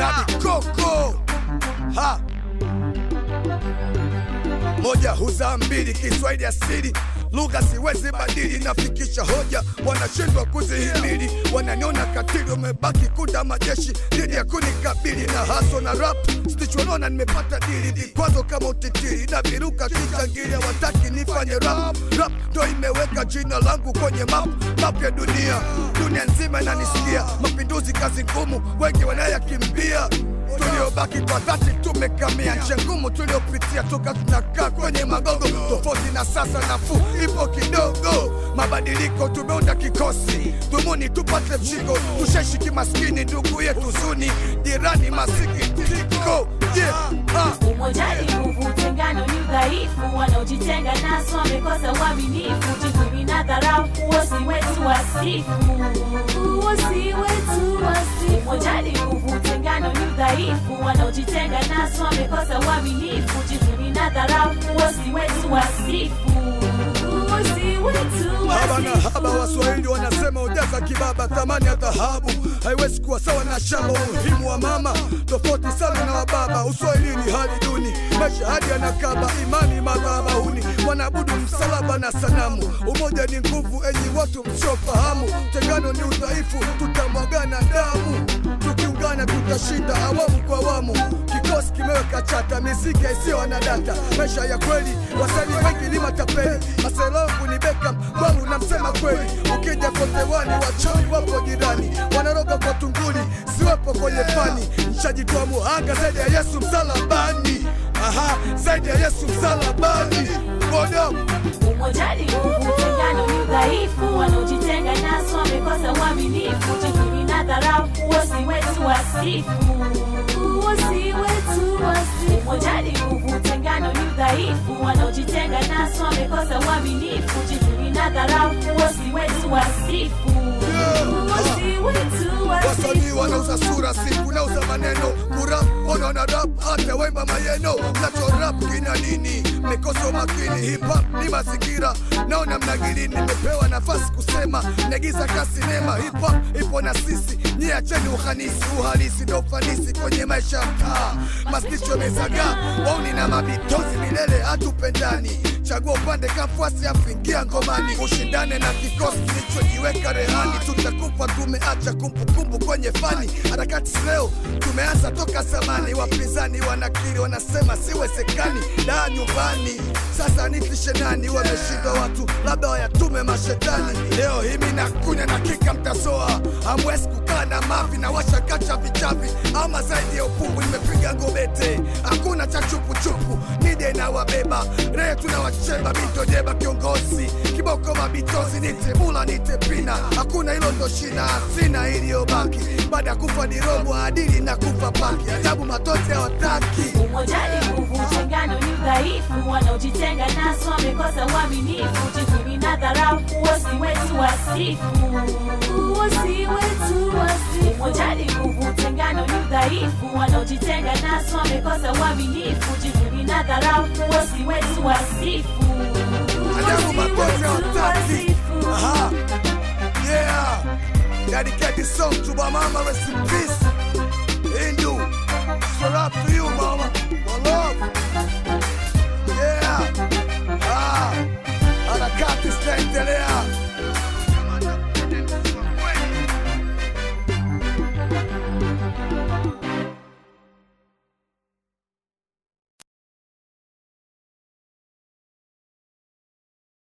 Nabi Koko ha moja huza mbili, Kiswahili asili lugha siwezi badili, inafikisha hoja, wanashindwa kuzihimili, wananiona katili, wamebaki kuda majeshi dhidi ya kunikabili na haso na rap stichwanona, nimepata dili vikwazo kama utitiri na viruka kichangilia, wataki nifanye rap rap, ndo imeweka jina langu kwenye map map ya dunia, dunia nzima inanisikia. Mapinduzi kazi ngumu, wengi wanayakimbia tuliobaki kwa dhati tumekamia, njia ngumu tuliopitia, tuka tunakaa kwenye magogo tofauti na sasa, nafuu ipo kidogo. Mabadiliko tumeunda kikosi, dhumuni tupate mshiko, tusheshiki maskini, ndugu yetu zuni, jirani masiki tiko umoja ni nguvu, utengano ni udhaifu. Wanaojitenga naso wamekosa uaminifu, jivumi na dharau, uosi wetu wasifu. Umoja ni nguvu, tengano ni udhaifu. Wanaojitenga naso wamekosa uaminifu na dharau, uosi wetu wasifu Haba na haba, Waswahili wanasema ujaza kibaba thamani ya dhahabu haiwezi kuwa sawa na shamba. Umuhimu wa mama tofauti sana na wababa. uswahilini hali duni, maisha hadi yanakaba. Imani madhabahuni, wanabudu msalaba na sanamu. Umoja ni nguvu, enyi watu msiofahamu. Tengano ni udhaifu, tutamwagana damu. Tukiungana tutashinda awamu kwa awamu kimeweka chata, misika isiyo na data, maisha ya kweli, wasani wengi ni matapeli. Maselongu ni Beckham, bwangu namsema kweli. Ukija kote wani wachoni wapo jirani, wanaroga kwa tunguli, siwepo kwenye fani. Nishajitoa muhanga zaidi ya Yesu msalabani, aha, zaidi ya Yesu msalabani. Bodo umojani upo utengano ni udhaifu, wanaojitenga naso wamekosa uaminifu, chekini na dharau, uosi wetu wasifu uosi Ujali nguvu, utengano ni udhaifu, wanaojitenga naso wamekosa uaminifu, jiduni na dharau, uosi wasifu, uosi kuimba mayeno nacho rap kina nini? mekoso makini, hip hop ni mazingira, naona mnagili. Nimepewa nafasi kusema, negiza ka nema, hip hop ipo na sisi nye acheni uhanisi, uhalisi ndo ufanisi kwenye maisha ya mtaa. Masicho mezaga wauni na mabitozi milele, hatupendani Chagua upande kafuasi afingia ngomani, ushindane na kikosi kilichojiweka rehani, tutakufa. Tumeacha kumbukumbu kwenye fani, harakati leo tumeanza toka zamani, wapinzani wanakiri, wanasema siwezekani, na nyumbani. Sasa nitishe nani? Wameshindwa watu, labda wayatume mashetani. Leo himi na kunya na kika mtasoa, hamwezi kukaa na mavi na washakacha vichavi, ama zaidi ya upungu, nimepiga ngobete chana cha chupuchupu nide na wabeba rehe tunawachemba mitojeba kiongozi kiboko mabitozi nitemula nitepina hakuna hilo ndo shina sina iliyobaki baada ya kufa ni robo adili na kufa paki ajabu matozi hawataki umojani nguvu ni uosi wetu wasifu uosi wetu wasifu migongano ni udhaifu, wanaojitenga nasi wamekosa uaminifu, jivuni na dharau, wosi wetu wasifu Dedicate this song to my mama, rest in peace.